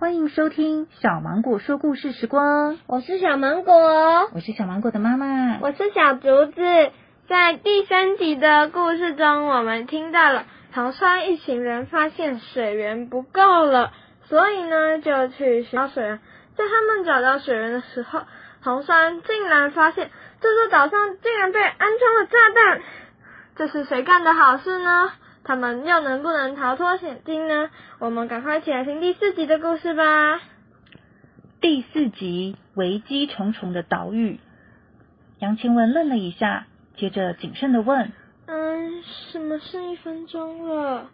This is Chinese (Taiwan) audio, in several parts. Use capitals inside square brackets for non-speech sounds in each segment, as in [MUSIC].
歡迎收聽《小芒果說故事時光》，我是小芒果，我是小芒果的媽媽，我是小竹子。在第三集的故事中，我們聽到了唐三一行人發現水源不夠了，所以呢就去尋找水源。在他們找到水源的時候，唐三竟然發現這座島上竟然被安裝了炸彈，這是誰幹的好事呢？他們又能不能逃脫險境呢？我們趕快一起來聽第四集的故事吧。第四集：危機重重的島嶼。楊清文愣了一下，接着謹慎地問：“嗯，什麼剩一分鐘了？”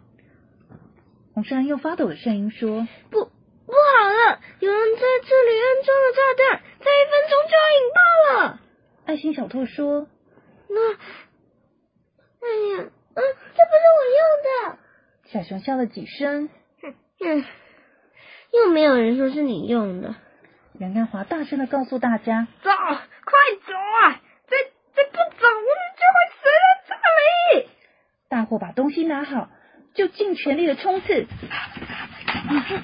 洪紹恩用發抖的聲音說：“不，不好了，有人在這裡安裝了炸彈，再一分鐘就要引爆了。”愛心小兔說：“那，哎呀。”嗯、啊，這不是我用的。小熊笑了幾聲，哼哼、嗯，又沒有人說是你用的。楊亮華大聲的告訴大家：“走，快走！啊！再再不走，我們就會死在這裡！”大夥把東西拿好，就盡全力的衝刺。跑、嗯嗯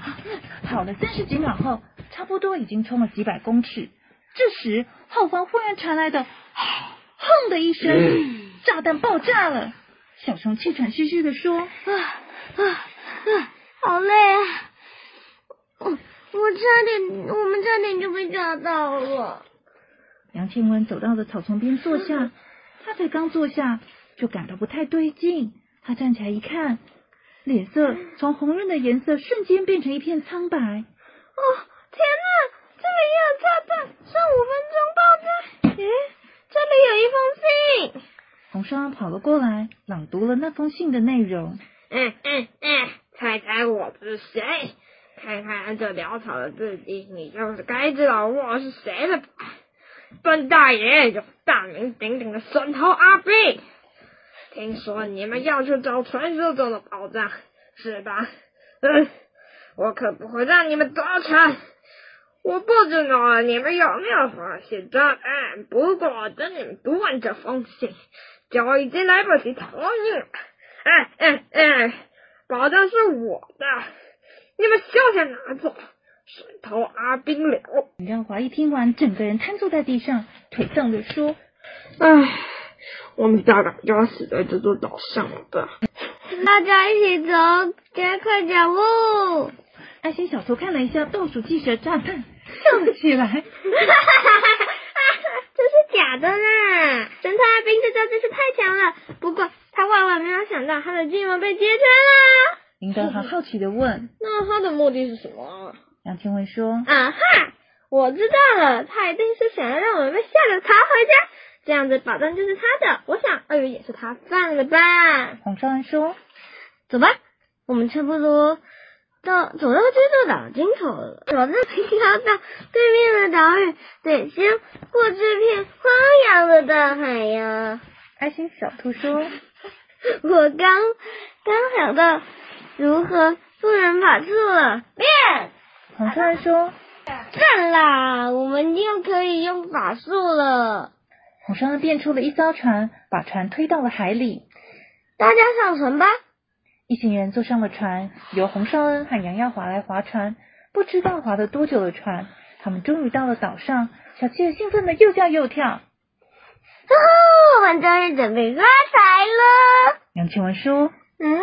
嗯、了三十幾秒後，差不多已經衝了幾百公尺。這時，後方忽然傳來的“轟”哼的一聲，嗯、炸彈爆炸了。小熊氣喘吁吁的說：“啊啊啊，好累啊！我我差點，我們差點就被抓到了。”楊慶文走到了草叢邊坐下，他才剛坐下就感到不太對勁，他站起來一看，臉色從紅潤的顏色瞬間變成一片蒼白。哦，天哪！這裡有炸彈，剩五分鐘爆炸？誒，這裡有一封。從山上跑了過來，朗讀了那封信的內容。嗯嗯嗯，猜猜我是誰？看看這潦草的字跡，你就是該知道我是誰了吧？本大爺，有大名鼎鼎的神偷阿飛。聽說你們要去找傳說中的寶藏，是吧？嗯，我可不會讓你們得逞。我不知道你們有沒有發現炸彈，不過等你們讀完這封信，就已經來不及逃命了。哎哎哎，寶藏是我的，你們休想拿走！石頭阿、啊、冰了。李華一聽完，完整個人癱坐在地上，頹喪地說：“哎，我們大概要死在這座島上了吧。” [LAUGHS] 大家一起走，加快腳步、哦。愛心、啊、小偷看了一下倒數計時炸彈。笑得起來，哈哈哈哈哈！這是假的啦！神探阿冰這招真是太強了，不過他萬萬沒有想到他的計謀被揭穿了。林德很好，好奇的問、嗯：“那他的目的是什麼？”楊天文說：“啊哈，我知道了，他一定是想要讓我們被嚇得逃回家，這樣子寶藏就是他的。我想，鱷魚，也是他放的吧。”洪紹恩說：“走吧，我們差不多。”到走到這座島盡頭了，我一跳到對面的島嶼，得先過這片荒涼的大海洋啊。愛心小兔說：“我剛剛想到如何，復原法術了。”變，洪紹恩說：“看啦，我們又可以用法術了。”洪紹恩變出了一艘船，把船推到了海裡。大家上船吧！一行人坐上了船，由洪紹恩和楊耀華來划船。不知道划了多久的船，他們終於到了島上。小七也興奮的又叫又跳，哦哦，我們終於準備發財了。楊清文說，嗯，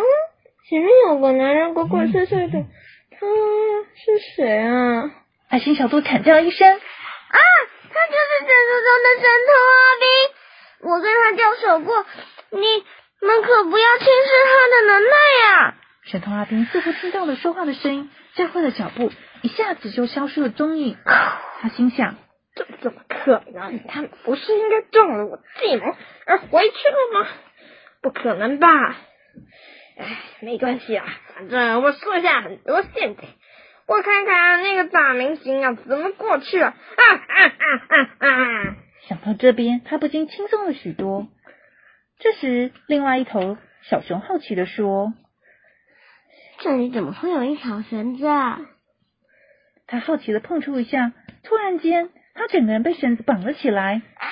前面有個男人鬼鬼祟祟的，嗯，他是誰啊？愛心小度慘叫一聲，啊，他就是傳說中的神偷阿兵，我跟他交手過，你。你們可不要輕視他的能耐呀、啊！神通阿兵似乎聽到了說話的聲音，加快了腳步，一下子就消失了蹤影。他心想：這怎麼可能？他不是應該中了我計謀而回去了嗎？不可能吧？哎，沒關係啊，反正我設下很多陷阱。我看看、啊、那個大明星啊怎麼過去了啊啊啊啊！想、啊、到、啊啊啊、這邊，他不禁輕鬆了許多。這時，另外一頭小熊好奇的說：“這裡怎麼會有一條繩子啊？”他好奇的碰觸一下，突然間，他整個人被繩子綁了起來。啊、哎！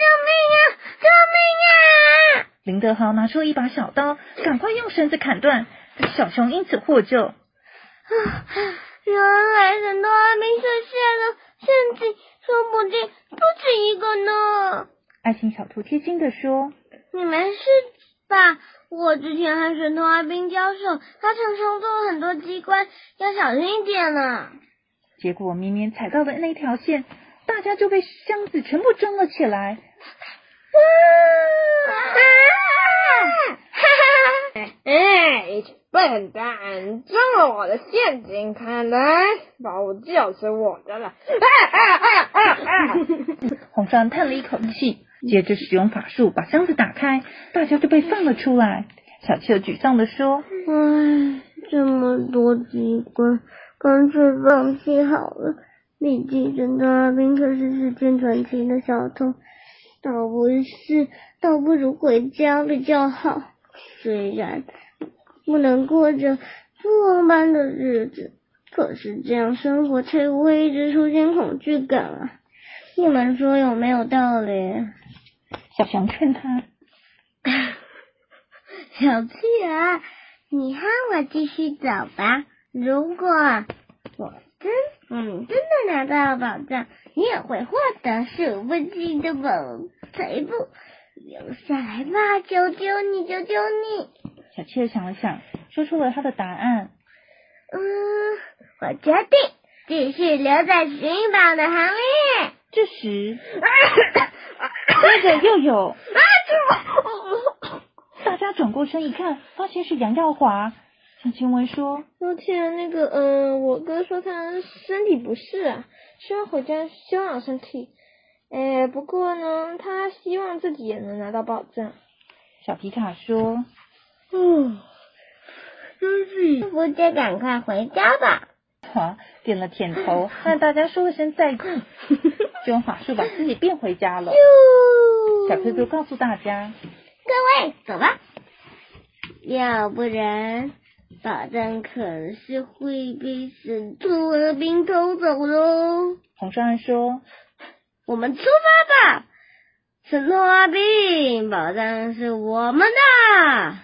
救命啊！救命啊！林德豪拿出一把小刀，趕快用繩子砍斷，小熊因此獲救。啊！原來人都還、啊、沒射現呢，甚至說不定不止一個呢。愛心小兔貼心的說。你沒事吧？我之前和神童阿兵交手，他常常做了很多機關，要小心一點呢。結果明明踩到的那條線，大家就被箱子全部裝了起來。哇！哈哈哈哈！哎，一群笨蛋，中了我的陷阱，看來寶物就是我的了。啊啊啊啊啊！哎哎哎哎哎、 [LAUGHS] 洪紹嘆了一口氣。接着使用法術把箱子打開，大家就被放了出來。小氣沮喪地說：“唉，這麼多機關，乾脆放棄好了。畢竟偵探阿賓可是世間傳奇的小偷，倒不是倒不如回家比較好。雖然不能過着富翁般的日子，可是這樣生活才不會一直出現恐懼感啊！你們說有沒有道理？”我想勸他，小刺兒，你和我繼續走吧。如果我真嗯真的拿到了寶藏，你也會獲得數不盡的寶財富，留下來吧！求求你，求求你！小刺兒想了想，說出了他的答案。嗯，我決定繼續留在尋寶的行列。這時、就是。啊哈哈 [LAUGHS] 接着又有，大家轉過身一看，發現是楊耀華。向青文說：“昨天那個，嗯，我哥說他身體不適啊，希望回家休養身體。哎，不過呢，他希望自己也能拿到寶藏。小皮卡說、啊：“嗯，真是，不如就趕快回家吧。”好，點了點頭，那大家說一聲再見。就用法術把自己變回家了。呦小兔兔告訴大家：“各位，走吧，要不然寶藏可是會被神兔阿兵偷走嘍。”洪紹恩說：“我們出發吧，神兔阿兵，寶藏是我們的。”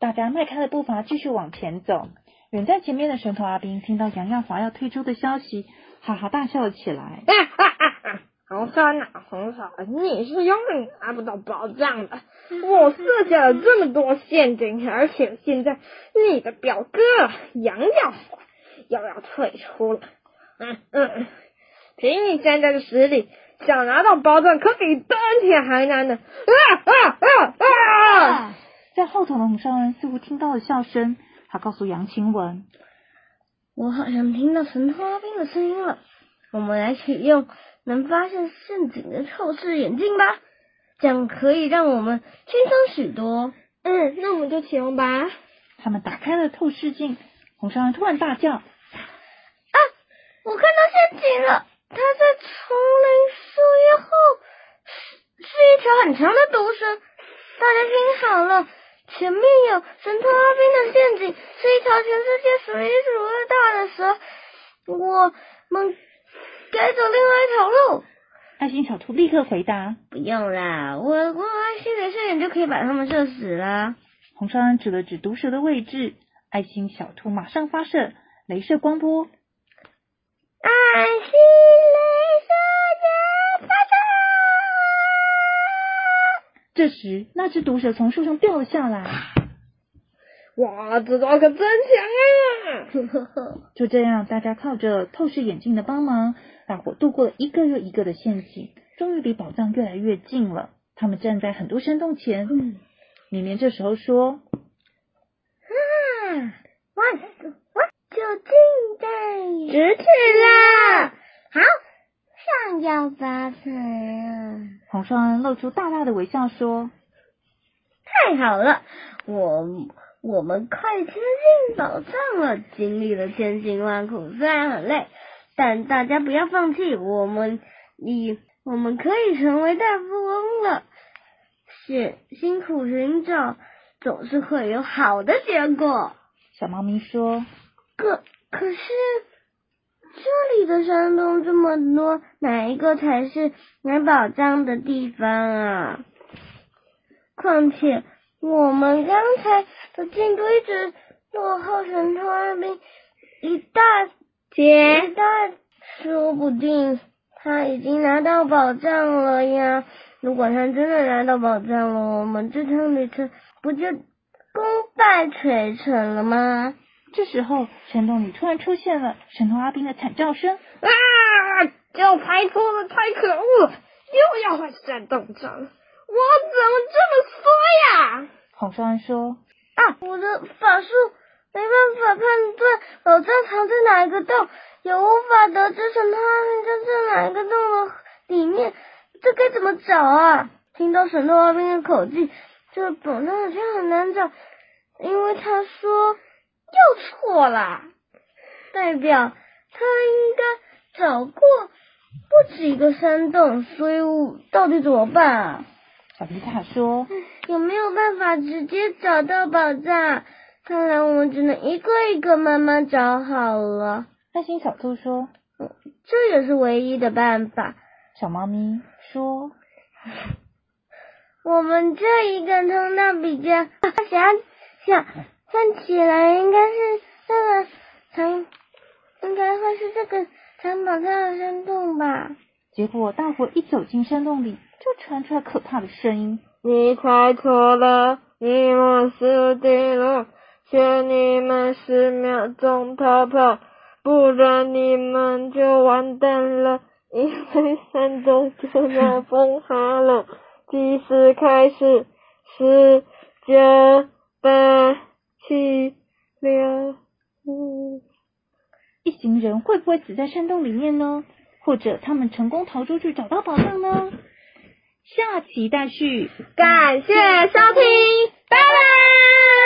大家邁開了步伐，繼續往前走。遠在前面的神兔阿兵聽到楊耀華要退出的消息。哈哈大笑了起來，洪紹恩啊,啊,啊，洪紹恩，你是永遠拿不到寶藏的。我設下了這麼多陷阱，嗯、而且現在你的表哥楊耀官又要退出了。嗯嗯，憑你現在的實力，想拿到寶藏可比登天還難呢。啊啊啊啊,啊！在後場的洪紹恩似乎聽到了笑聲，他告訴楊清文。我好像聽到神偷阿兵的聲音了，我們來啟用能發現陷阱的透視眼鏡吧，這樣可以讓我們輕鬆許多。嗯，那我們就啟用吧。他們打開了透視鏡，洪紹恩突然大叫：“啊，我看到陷阱了！它在叢林樹葉後是，是一條很長的毒蛇。大家聽好了。”前面有神偷阿兵的陷阱，是一條全世界數一數二大的蛇，我們該走另外一條路。愛心小兔立刻回答：“不用啦，我我愛心鐳射眼就可以把他們射死啦。洪紹恩指了指毒蛇的位置，愛心小兔馬上發射鐳射光波。愛心。這時，那隻毒蛇從樹上掉了下來。哇，這招可真強啊！呵呵呵。就這樣，大家靠着透視眼鏡的幫忙，大夥度過了一個又一個的陷阱，終於離寶藏越來越近了。他們站在很多山洞前，綿、嗯、綿這時候說：“啊，哇，哇，就近在咫尺啦！”好。想要發財啊！洪紹恩露出大大的微笑說：“太好了，我我們快接近寶藏了。經歷了千辛萬苦，雖然很累，但大家不要放棄。我們，你，我們可以成為大富翁了。是，辛辛苦尋找，總是會有好的結果。”小貓咪說：“可可是。”這裡的山洞這麼多，哪一個才是埋寶藏的地方啊？況且我們剛才的進度一直落後神偷暗兵一大截。一大，姐一大說不定他已經拿到寶藏了呀！如果他真的拿到寶藏了，我們這趟旅程不就功敗垂成了嗎？這時候，山洞裡突然出現了神童阿兵的慘叫聲啊！又拍錯了，太可惡了！又要換山洞找，我怎麼這麼衰、啊、說呀？好山說啊，我的法術沒辦法判斷寶藏藏在哪一個洞，也無法得知神童阿兵站在哪一個洞的裡面，這該怎麼找啊？聽到神童阿兵的口氣，這寶藏好像很難找，因為他說。又錯了，代表他應該找過不止一個山洞，所以我到底怎麼辦啊？小皮卡說：“有沒有辦法直接找到寶藏？看來我們只能一個一個慢慢找好了。”愛心小兔說：“這也是唯一的辦法。”小貓咪說：“我們這一個通道比較想、啊、想。想”看起來應該是這個藏，應該會是這個藏寶的山洞吧。結果，大夥一走進山洞裡，就傳出來可怕的聲音。你猜錯了，你們死定了！給你們十秒鐘逃跑、跑，不然你們就完蛋了，因為山洞就要崩塌了。計時開始，十、九。八。七六五，嗯、一行人會不會死在山洞裡面呢？或者他們成功逃出去找到寶藏呢？下期待續。感謝收聽，嗯、拜拜。拜拜